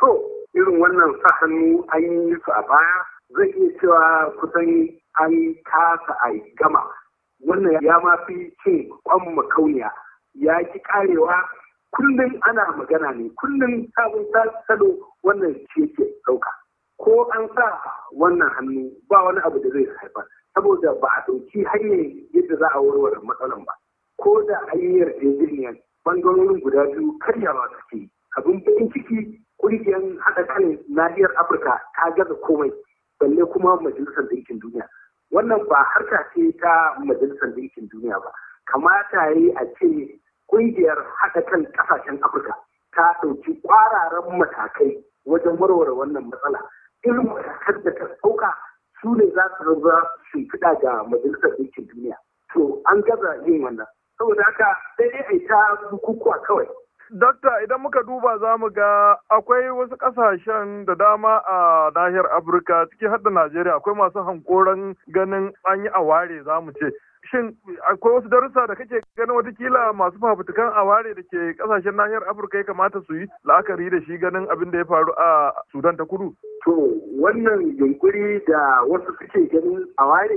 to irin wannan sa hannu an yi su a baya zai iya cewa kusan an kasa a gama wannan ya ma fi cin kwan makauniya ya ki karewa kullum ana magana ne kullum sabon salo wannan ce ke sauka. ko an sa wannan hannu ba wani abu da zai haifar saboda ba a ɗauki hanyar yadda za a warware matsalan ba ko da an yi yarjejeniyar bangarorin guda biyu karyawa suke nahiyar afirka ta gaza komai balle kuma majalisar ɗinkin duniya wannan ba harka ce ta majalisar ɗinkin duniya ba kamata yi a ce ƙungiyar haɗa kan ƙasashen afirka ta ɗauki ƙwararren matakai wajen warware wannan matsala irin matakan da ta sauka su ne za su zama shimfiɗa ga majalisar ɗinkin duniya to an gaza yin wannan saboda haka sai dai a yi ta bukukuwa kawai Dokta idan muka duba za mu ga akwai wasu ƙasashen da dama a nahiyar Afirka ciki hadda Najeriya akwai masu hankoran ganin an yi a za mu ce. Shin akwai wasu darussa da kake ganin watakila masu fafutukan a da ke kasashen nahiyar Afirka ya kamata su yi la'akari da shi ganin abin da ya faru a Sudan ta kudu? To wannan yunkuri da wasu suke ganin a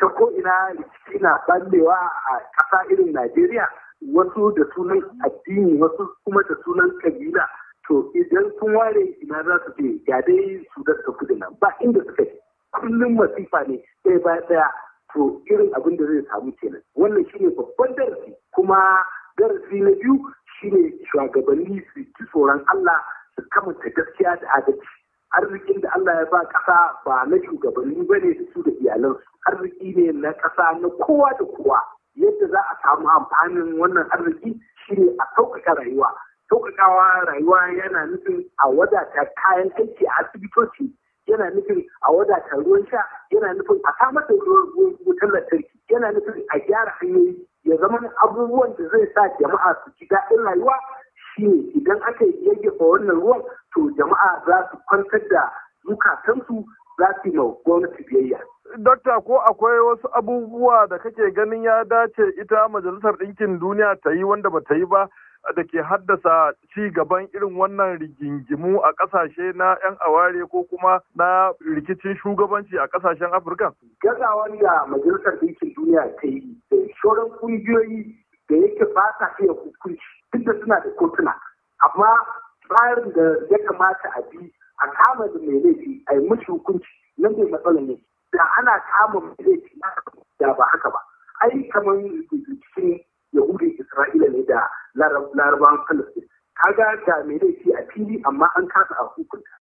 ta ko ina rikici na ɓallewa a ƙasa irin Najeriya. wasu da sunan addini wasu kuma da sunan kabila to idan sun ware ina za su je ya dai su da su kudi nan ba inda suka yi kullum masifa ne sai ba daya to irin abin da zai samu kenan wannan shine babban darasi kuma darasi na biyu shine shugabanni su ci tsoron Allah su kamanta gaskiya da adalci arzikin da Allah ya ba ƙasa ba na shugabanni bane da su da iyalansu arziki ne na ƙasa na kowa da kowa za a samu amfanin wannan arziki shine a sauƙaƙa rayuwa sauƙaƙawa rayuwa yana nufin a wadata kayan aiki a asibitoci yana nufin a wadata ruwan sha yana nufin a samar da ruwan wutar lantarki yana nufin a gyara hanyoyi ya zama abubuwan da zai sa jama'a su ji daɗin rayuwa shine idan aka yi yayyafa wannan ruwan to jama'a za su kwantar da zukatansu za su yi ma gwamnati biyayya. dokta ko akwai wasu abubuwa da kake ganin ya dace ita majalisar ɗinkin duniya ta yi wanda ba ta yi ba da ke haddasa ci gaban irin wannan rigingimu a ƙasashe na 'yan aware ko kuma na rikicin shugabanci a ƙasashen afirka? gazawar da majalisar ɗinkin duniya ta yi da shoran ƙungiyoyi da yake ba sa iya hukunci duk da suna da kotuna amma tsarin da ya kamata a bi a kama da mai laifi a yi mushi hukunci nan da matsalar ne. da ana samun laifi da ba haka ba ai kamar cikin yahudi isra'ila ne da larabawan falastin kaga ga mai laifi a fili amma an kasa a hukunta